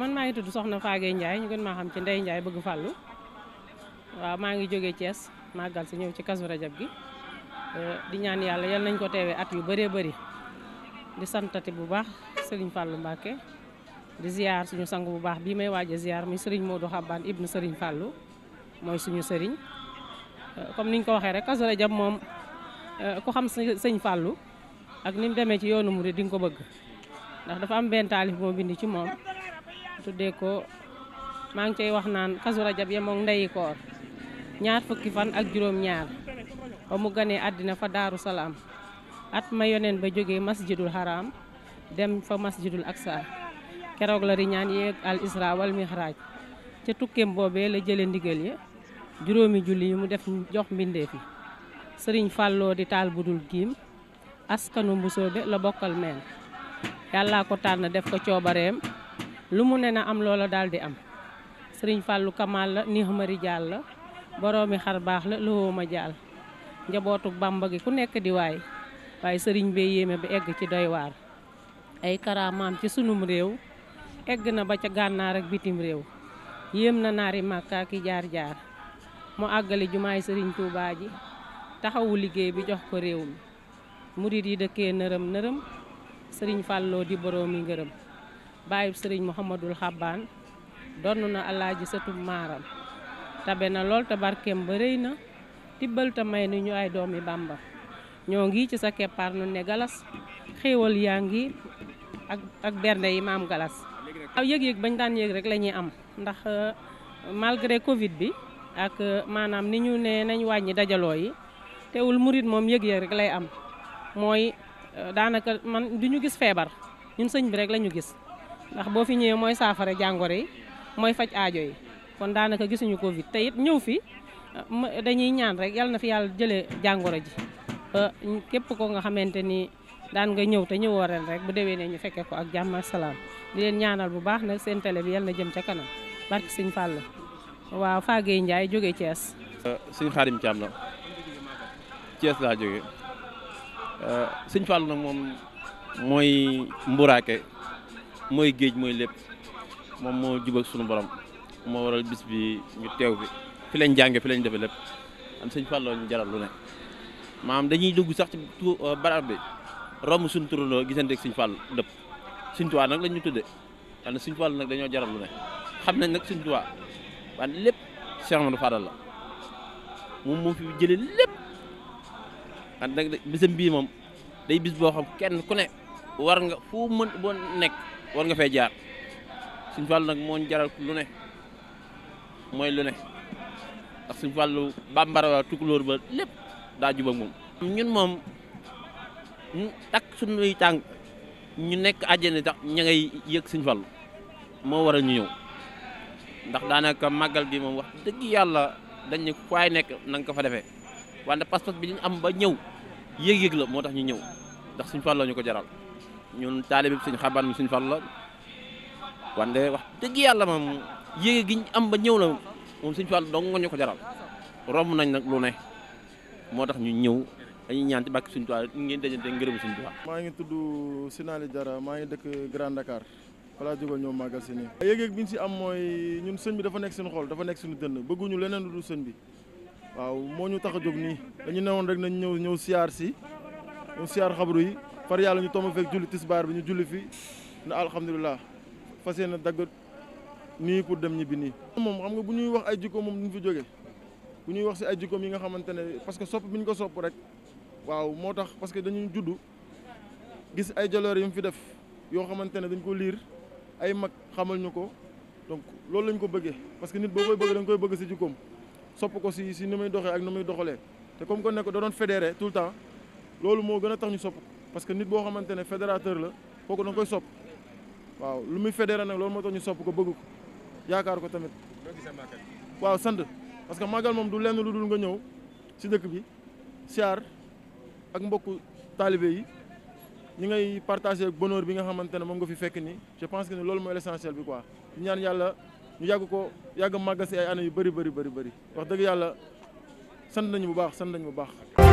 man maa ngi tudd Soxna Faagee Ndiaye ñu gën maa xam ci Ndeye Ndiaye bëgg fàllu waaw maa ngi jógee Thiès màggal si ñëw ci Kazu Rajab gi euh, di ñaan yàlla yal nañ ko teewee at yu bëree bëri di santati bu baax sëriñ Fallou Mbacke di ziar suñu sang bu baax bii may waaj a ziar sëriñ Serigne Modou Xabbaan ibnu sëriñ Fallou mooy suñu sëriñ euh, comme niñ ko waxee rek Kazu Rajab moom euh, ku xam sëñ Fallou ak ni mu demee ci yoonu murid di nga ko bëgg ndax dafa am benn taalif moo moom. tuddee ko maa ngi cay wax naan kasu rajab yemook ndeyi ñaar fukki fan ak juróom-ñaar ba mu ganee àddina fa daaru salaam at ma yoneen ba jógee masjidul haram dem fa masjidul aksa keroog la riñaan yéeg al isra wal mihraj ca tukkeem boobee la jële ndigal ya juróomi julli yi mu def jox mbindeef yi sëriñ fàlloo di taal budul giim askanu mbusoobe la bokkal meen yàllaa ko tànn def ko coobareem lu mu ne na am loola daal di am sëriñ Fallou Kamal la Neex Mari Jaal la boroomi xar baax la lowoo ma jaal njabootu Bàmba gi ku nekk di waay waaye sëriñ bee yéeme bi egg ci doy waar ay karaamaam ci sunum réew egg na ba ca gànnaar ak bitim réew yéem na naari màkka ki jaar-jaar mu àggale jumaay sëriñ Tuubaa ji taxawu liggéey bi jox ko réew mi murit yi dëkkee nërëm nërëm sëriñ Falloo di boroomi ngërëm bàyyib sëriñ Mouhamadul Xabbaan donn na alaaji sëtub maaram tabe na lool te barkeem ba rëy na tibbal may ni ñu ay doomi Bàmba ñoo ngi ci sa keppaar nu ne galas xéewal yaa ngi ak ak bernde yi maam galas waaw yëg-yëg bañ daan yëg rek la ñuy am ndax euh, malgré covid bi ak euh, maanaam ni ñu ne nañ wàññi dajaloo yi teewul murit moom yëg-yëg rek lay am mooy euh, daanaka man duñu gis feebar ñun sëñ bi rek la ñu gis ndax boo fi ñëwee mooy saafara jàngoro yi mooy faj aajo yi kon daanaka gisuñu Covid te it ñëw fi dañuy ñaan rek yal na fi yàlla jëlee jàngoro ji képp ko nga xamante ni daan nga ñëw te ñëwoo ren rek bu déwee ne ñu fekkee ko ak jàmm ak salaam di leen ñaanal bu baax nag seen télé bi yal na jëm ca kanam barki Sëñ Fall waaw Fagey Ndiaye jóge Thiès. Euh, Sëñ Xaadim Thiam la Thiès laa jóge euh, Sëñ Fall nag moom mooy mburaake mooy géej mooy lépp moom moo jubal sunu borom moo waral bis bi ñu teew bi fi lañ jànge fi lañ defe lépp am sëñ Fallou ñu jaral lu ne maam dañuy dugg sax ci euh, barab bi romb suñ turandoo gisante ak sëñ Fallou dëpp sëñ Tuubaa nag lañ ñu tudde xam ne sëñ nag dañoo jaral lu ne xam nañ nag sëñ Tuubaa waaye lépp Cheikh Amadou Fadal la moom moo fi jële lépp xam nag bisam bii moom day bis boo xam kenn ku ne war nga fu mën boo nekk war nga fee jaar suñ fàllu nag moo jaral lu ne mooy lu ne ndax suñ fàllu bambara waa ba lépp daa jubag moom ñun moom ñu takk suñuy tànk ñu nekk àjjana tax ña ngay yëg suñ fàllu moo waral ñu ñëw ndax daanaka màggal bi moom wax dëgg yàlla dañ ne ku nekk na nga ko fa defee wante pas-pas bi ñu am ba ñëw yëg-yëg la moo tax ñu ñëw ndax suñ fàlloo ñu ko jaral ñun taalibe bi suñ xabaar mi suñ fal la wante wax dëgg yàlla ma moom yéege gi am ba ñëw na moom suñ fal dong ñu ko jaral romb nañ nag lu ne moo tax ñu ñëw dañuy ñaan ci bàkki suñ tuwaa ngeen dajante ngërëm suñ tuwaa maa ngi tudd Sinali Jara maa ngi dëkk Grand Dakar balaa jógal ñoom màggal si nii yéeg-yéeg bi ñu si am mooy ñun sën bi dafa nekk suñu xol dafa nekk suñu dënn bëgguñu leneen lu dul sëñ bi waaw moo ñu tax a jóg nii dañu newoon rek nañ ñëw ñëw siyaar si ñëw siyaar par yàlla ñu tomb fekk julli tisbaar bi ñu julli fi na alhamdulilah fas yéene dagg nii pour dem ñibbi nii. moom xam nga bu ñuy wax ay jikkoom moom duñ fi jóge bu ñuy wax si ay jikkoom yi nga xamante ne parce que sopp bi ñu ko sopp rek waaw moo tax parce que dañuy judd gis ay jaloor yu mu fi def yoo xamante ne dañ ko liir ay mag xamal ñu ko donc loolu lañ ko bëggee parce que nit boo koy bëgg dañ koy bëgg si jikkoom sopp ko si si ni muy doxee ak ni muy doxalee te comme ko nekk da doon fédéré tout le temps loolu moo gën a tax ñu sopp parce que nit boo xamante ne fédérateur la kooku ko nga koy sopp waaw lu muy fédéré nag loolu moo tax ñu sopp ko bëgg ko yaakaar ko tamit. waaw sant parce que màggal moom du lenn lu dul nga ñëw ci dëkk bi siyaar ak mbokk taalibe yi ñu ngay partagé ak bonheur bi nga xamante ne moom nga fi fekk ni je pense que loolu mooy l'essentiel bi quoi ñaan yàlla ñu yàgg ko yàgg màggal si ay année yu bëri bari bari bëri wax dëgg yàlla sant nañu bu baax sant nañu bu baax.